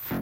you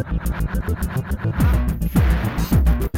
Thank you.